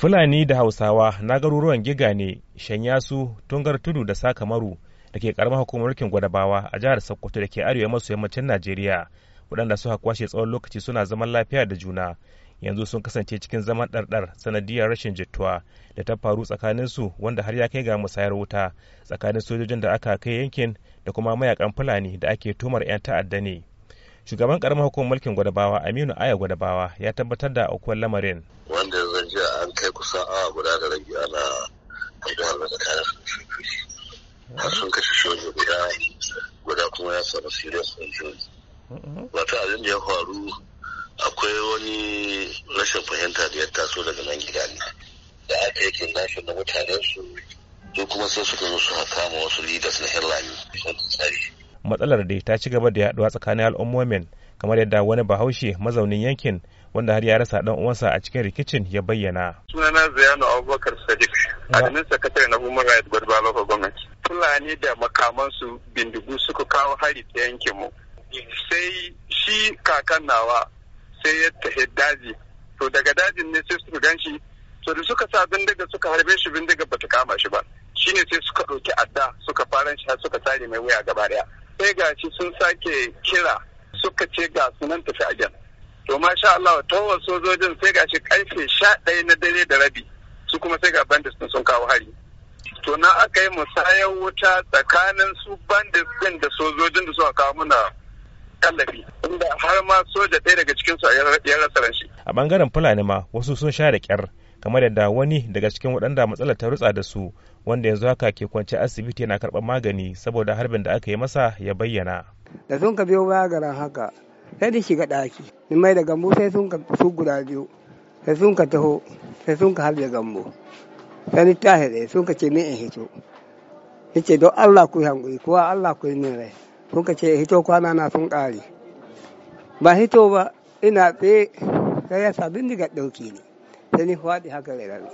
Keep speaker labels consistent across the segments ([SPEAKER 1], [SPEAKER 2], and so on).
[SPEAKER 1] Fulani da Hausawa na garuruwan Giga ne, Shanyasu, Tungar Tudu da Sakamaru da ke karamar hukumar mulkin Gwadabawa a jihar Sokoto da ke arewa maso yammacin Najeriya, waɗanda suka kwashe tsawon lokaci suna zaman lafiya da juna. Yanzu sun kasance cikin zaman ɗarɗar sanadiyar rashin jituwa da ta faru tsakanin su wanda har ya kai ga musayar wuta tsakanin sojojin da aka kai yankin da kuma mayakan Fulani da ake tumar 'yan ta'adda ne. Shugaban karamar hukumar mulkin Gwadabawa Aminu Aya Gwadabawa ya tabbatar da aukuwar lamarin.
[SPEAKER 2] an kai kusan a guda da rabi ana haɗuwa da kayan tsakanin har sun kashe shoji guda guda kuma ya samu serious injury wata abin da ya faru akwai wani rashin fahimta da ya taso daga nan gida ne da aka yake nashi na mutanen su su kuma sai suka zo su ma wasu leaders na hillary
[SPEAKER 1] matsalar da ta ci gaba da yaduwa tsakanin al'ummomin kamar yadda wani bahaushe mazaunin yankin wanda har ya rasa dan uwansa a cikin rikicin ya bayyana. Sunana
[SPEAKER 2] Ziyanu Abubakar Sadiq, adinin sakatare na Human Rights Board Baba gwamnati. Fulani da makamansu bindigu suka kawo hari ta yankin mu. Sai shi kakan nawa sai ya tahi daji. To daga dajin ne sai suka ganshi. To da suka sa bindiga suka harbe shi bindiga bata kama shi ba. Shi ne sai suka ɗauki adda suka faran shi har suka sare mai wuya gaba ɗaya. Sai gashi sun sake kira suka ce ga sunan tafi a ajan to masha Allah tawar sojojin sai ga shi karfe sha ɗaya na dare da rabi su kuma sai ga bandits sun kawo hari to na aka yi musayar wuta tsakanin su bandits ɗin da sojojin da suka kawo muna tallafi inda har ma soja ɗaya daga cikinsu ya rasa ran
[SPEAKER 1] a bangaren fulani ma wasu sun sha da kyar kamar yadda wani daga cikin waɗanda matsalar ta rutsa da su wanda yanzu haka ke kwance asibiti yana karɓar magani saboda harbin da aka yi masa ya bayyana
[SPEAKER 3] da sun ka biyo baya garan haka sai da shiga ɗaki ni mai da gambo sai sun ka su guda biyu sai sun ka taho sai sun ka harbe gambo sai ni tahe ɗaya sun ka ce min in hito ce don Allah ku hankuri kuwa Allah ku yi min rai sun ka ce hito kwana na sun ƙare ba hito ba ina tsaye sai ya sa bindiga ɗauki ne sai ni faɗi haka rarrabe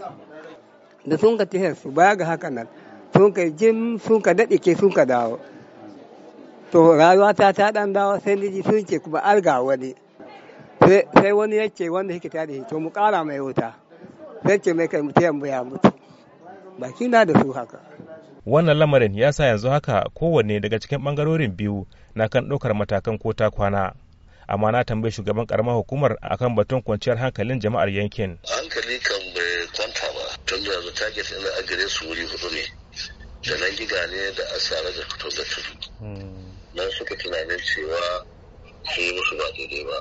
[SPEAKER 3] da sun ka tihar su baya ga haka nan sun ka jin sun ka daɗe ke sun ka dawo to rayuwa ta ta ɗan dawo sai ni sun ce kuma arga wani sai wani ya ce wanda yake tare to mu ƙara mai wuta sai ce mai kai mutum ya mutu baki na da su haka
[SPEAKER 1] wannan lamarin ya sa yanzu haka kowanne daga cikin ɓangarorin biyu na kan ɗaukar matakan ko ta kwana amma na tambayi shugaban karamar hukumar akan batun kwanciyar hankalin jama'ar yankin
[SPEAKER 2] hankali kan bai kwanta ba tun da target ina a gare su wuri hudu ne da nan gida ne da asara da fito da hmm. nan suka tunanin cewa sun yi musu ba daidai ba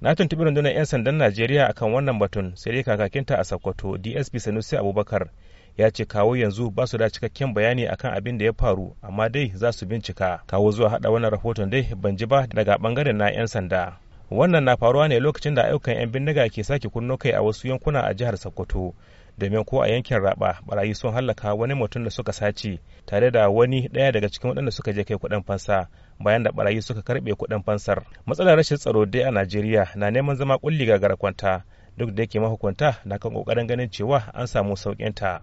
[SPEAKER 1] na tuntubi rundunar 'yan sandan najeriya akan wannan batun sai dai kakakinta a sokoto dsp sanusi abubakar ya ce kawo yanzu ba su da cikakken bayani akan abin da ya faru amma dai za su bincika kawo zuwa hada wannan rahoton dai ban ji ba daga bangaren na 'yan sanda wannan na faruwa ne lokacin da ayyukan 'yan bindiga ke sake kunno kai a wasu yankuna a jihar sokoto domin ko a yankin raba barayi sun hallaka wani mutum da suka sace tare da wani ɗaya daga cikin waɗanda suka je kai kuɗin fansa bayan da barayi suka karɓe kuɗin fansar matsalar rashin tsaro dai a najeriya na neman zama kulli ga kwanta duk da yake mahukunta na kan ƙoƙarin ganin cewa an samu ta